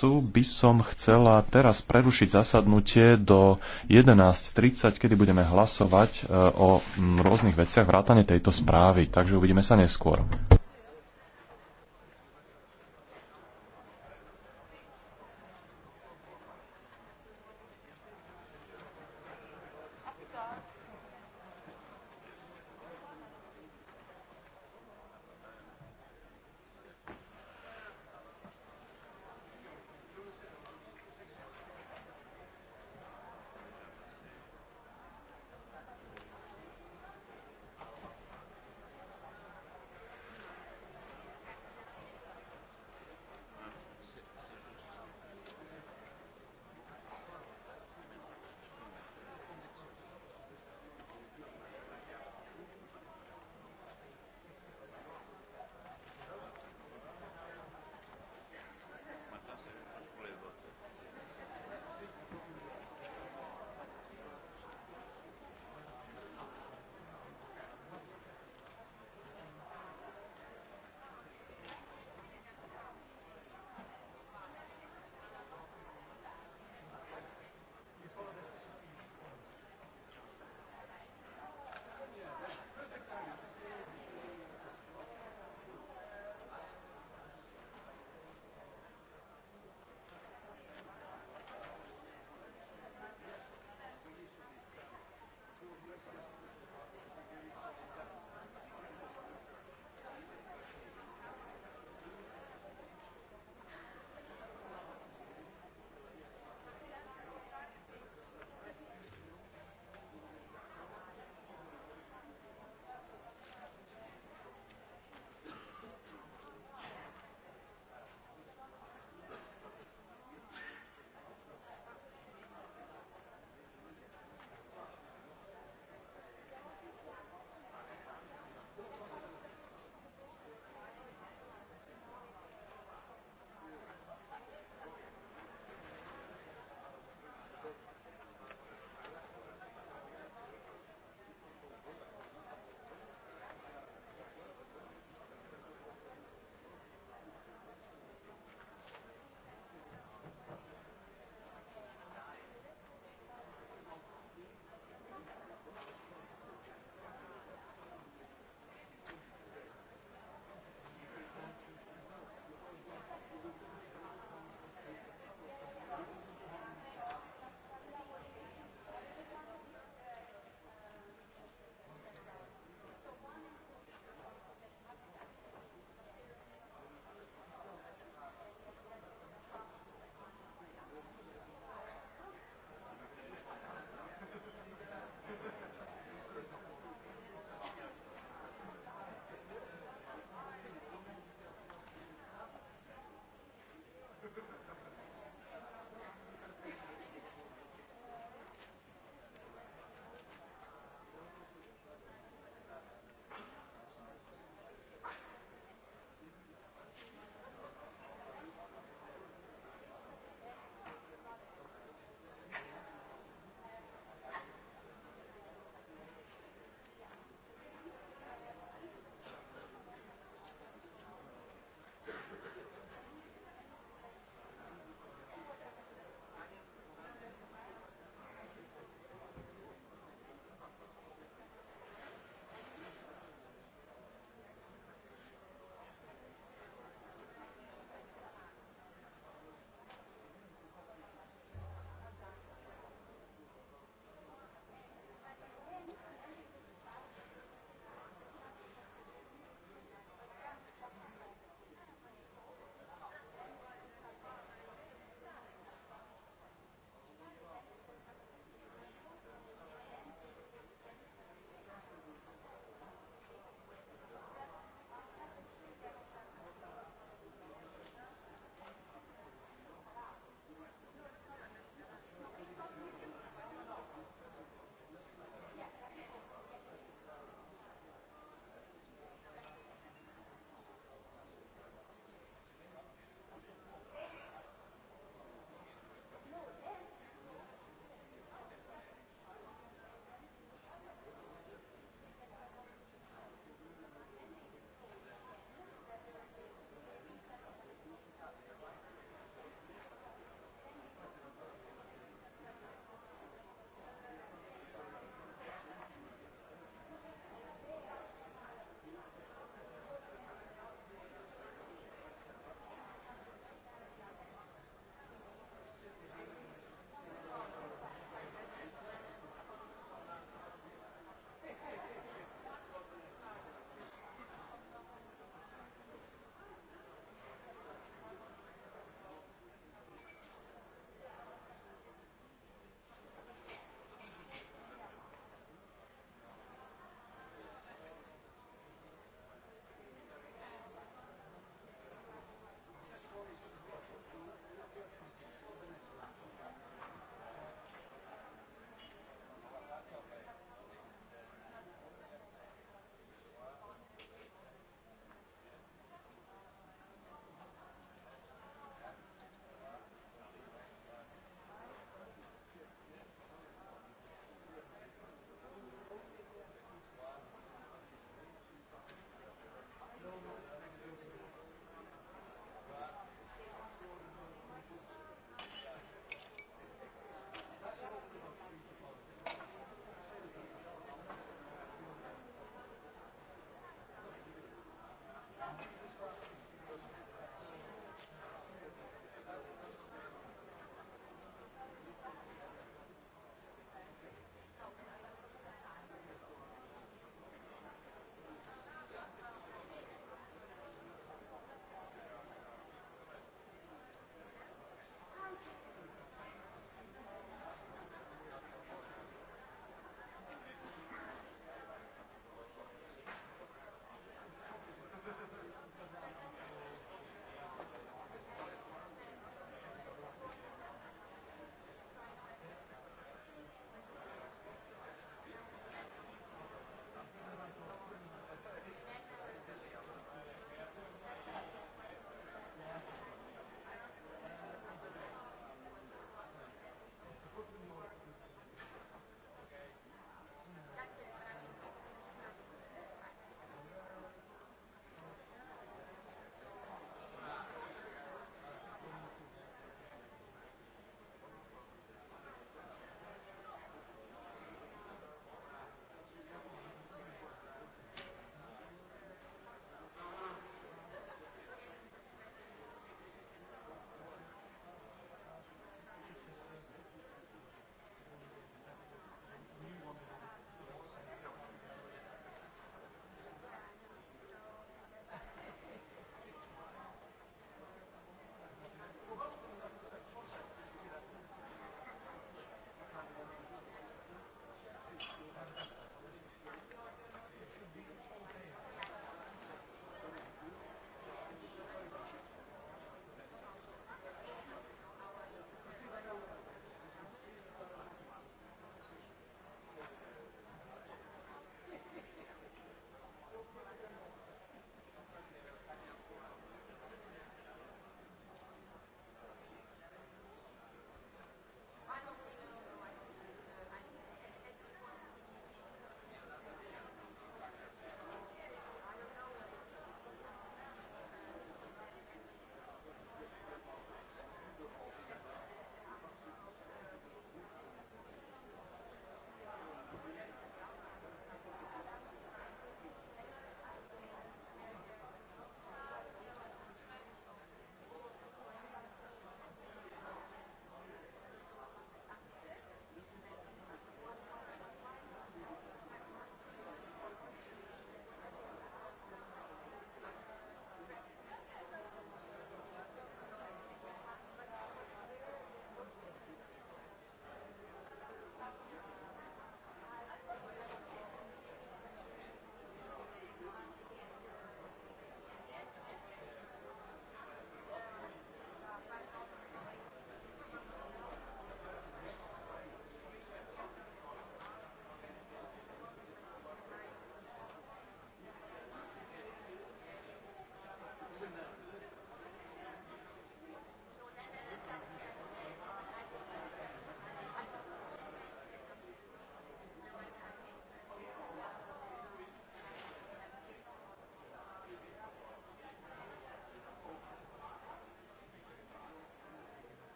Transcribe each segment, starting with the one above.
prácu, by som chcela teraz prerušiť zasadnutie do 11.30, kedy budeme hlasovať e, o rôznych veciach vrátane tejto správy. Takže uvidíme sa neskôr.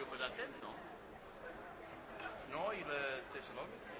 proprio quella te no? No, il Thessaloniki.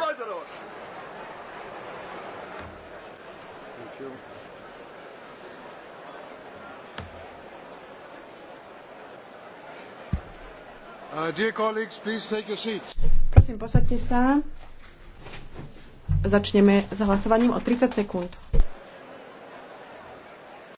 Freuderos. Thank you. Uh, dear colleagues, please take your seats. Prosím, posaďte sa. Začneme s hlasovaním o 30 sekúnd.